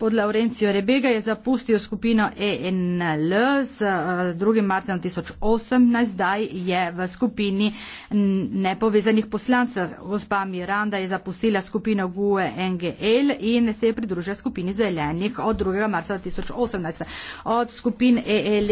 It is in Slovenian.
Pod Laurencijo Rebega je zapustil skupino ENL z 2. Eh, marcem 2018, zdaj je v skupini nepovezanih poslancev. Gospa Miranda je zapustila skupino GUE NGL in se je pridružila skupini zelenih od 2. marca 2018. Od skupin ELE